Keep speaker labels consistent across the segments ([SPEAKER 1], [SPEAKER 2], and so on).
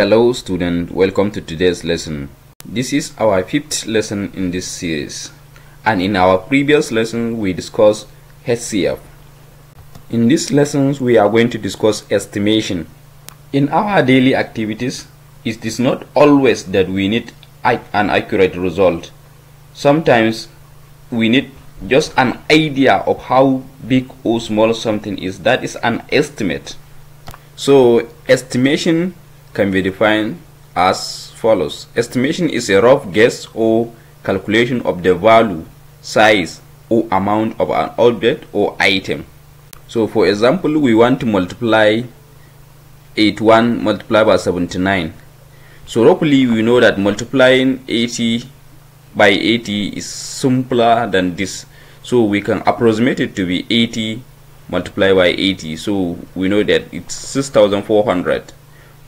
[SPEAKER 1] Hello student, welcome to today's lesson. This is our fifth lesson in this series and in our previous lesson we discussed HCF. In this lesson we are going to discuss estimation. In our daily activities, it is not always that we need an accurate result. Sometimes we need just an idea of how big or small something is. That is an estimate. So estimation can be defined as follows. Estimation is a rough guess or calculation of the value, size, or amount of an object or item. So for example, we want to multiply 81 multiplied by 79. So roughly we know that multiplying 80 by 80 is simpler than this. So we can approximate it to be 80 multiplied by 80. So we know that it's 6400.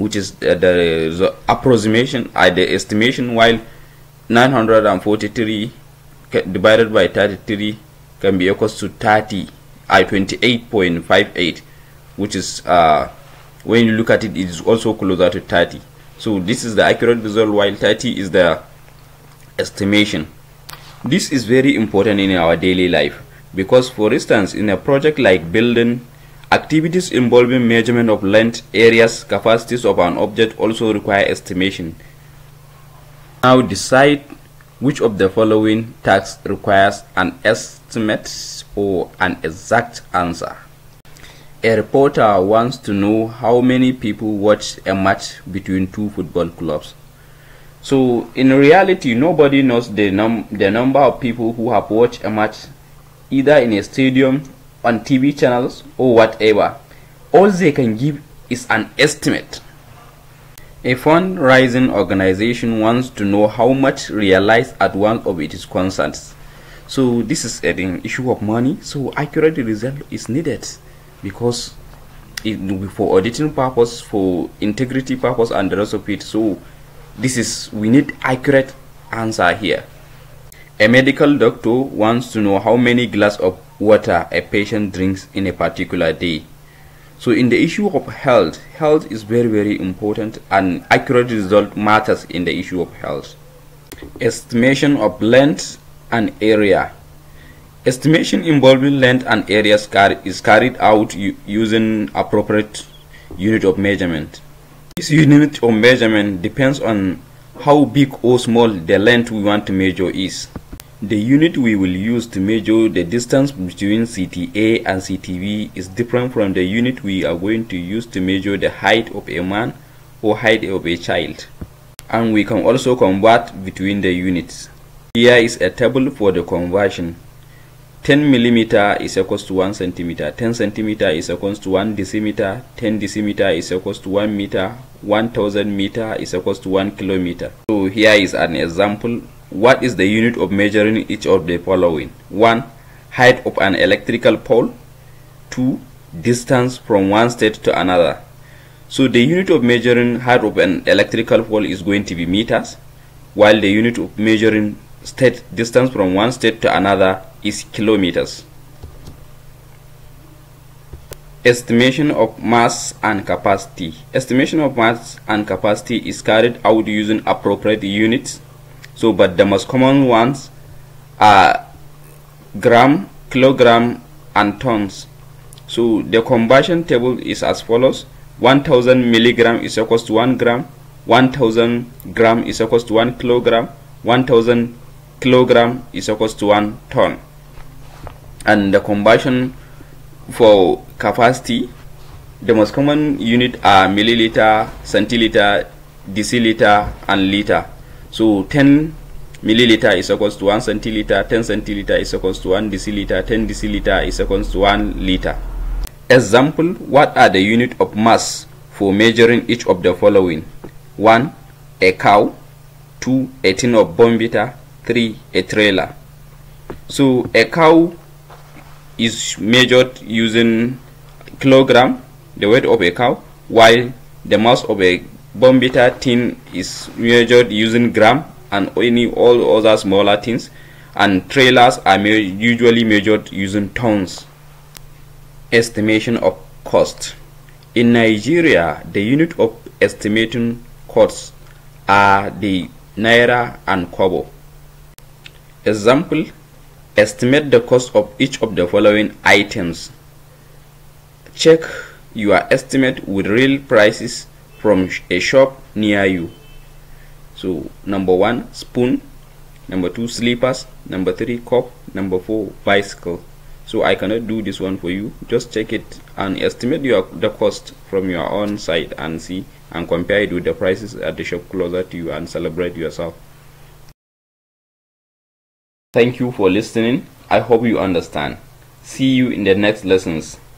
[SPEAKER 1] which is uh, the, the, approximation uh, the estimation while 943 divided by 33 can be equals to 30 i 28.58 which is uh, when you look at it it is also closer to 30 so this is the accurate result while 30 is the estimation this is very important in our daily life because for instance in a project like building Activities involving measurement of length, areas, capacities of an object also require estimation. Now decide which of the following tasks requires an estimate or an exact answer. A reporter wants to know how many people watched a match between two football clubs. So in reality, nobody knows the, num the number of people who have watched a match either in a stadium on TV channels or whatever. All they can give is an estimate. A fundraising organization wants to know how much realized at one of its concerts. So this is an issue of money, so accurate result is needed because it will be for auditing purpose, for integrity purpose and the rest of it. So this is, we need accurate answer here. A medical doctor wants to know how many glass of water a patient drinks in a particular day. So in the issue of health, health is very very important and accurate result matters in the issue of health. Estimation of length and area. Estimation involving length and area is carried out using appropriate unit of measurement. This unit of measurement depends on how big or small the length we want to measure is. The unit we will use to measure the distance between CTA and CTV is different from the unit we are going to use to measure the height of a man or height of a child. And we can also convert between the units. Here is a table for the conversion. 10 mm is equals to 1 cm, 10 cm is equals to 1 decimeter, 10 decimeter is equals to 1 meter, 1000 meter is equals to 1 kilometer. So here is an example What is the unit of measuring each of the following? 1. Height of an electrical pole. 2. Distance from one state to another. So the unit of measuring height of an electrical pole is going to be meters, while the unit of measuring state distance from one state to another is kilometers. Estimation of mass and capacity. Estimation of mass and capacity is carried out using appropriate units so but the most common ones are gram kilogram and tons so the conversion table is as follows 1000 milligram is equals to 1 gram 1000 gram is equals to 1 kilogram 1000 kilogram is equals to 1 ton and the conversion for capacity the most common unit are milliliter centiliter deciliter and liter so 10 milliliter is equals to 1 centiliter 10 centiliter is equals to 1 deciliter 10 deciliter is equals to 1 liter example what are the unit of mass for measuring each of the following 1 a cow 2 a tin of bombita 3 a trailer so a cow is measured using kilogram the weight of a cow while the mass of a bombita tin is measured using gram and any all other smaller things and trailers are me usually measured using tons. Estimation of cost In Nigeria, the unit of estimating costs are the naira and kobo. Example, estimate the cost of each of the following items. Check your estimate with real prices from a shop near you so number one spoon number two slippers number three cup number four bicycle so i cannot do this one for you just check it and estimate your the cost from your own side and see and compare it with the prices at the shop closer to you and celebrate yourself thank you for listening i hope you understand see you in the next lessons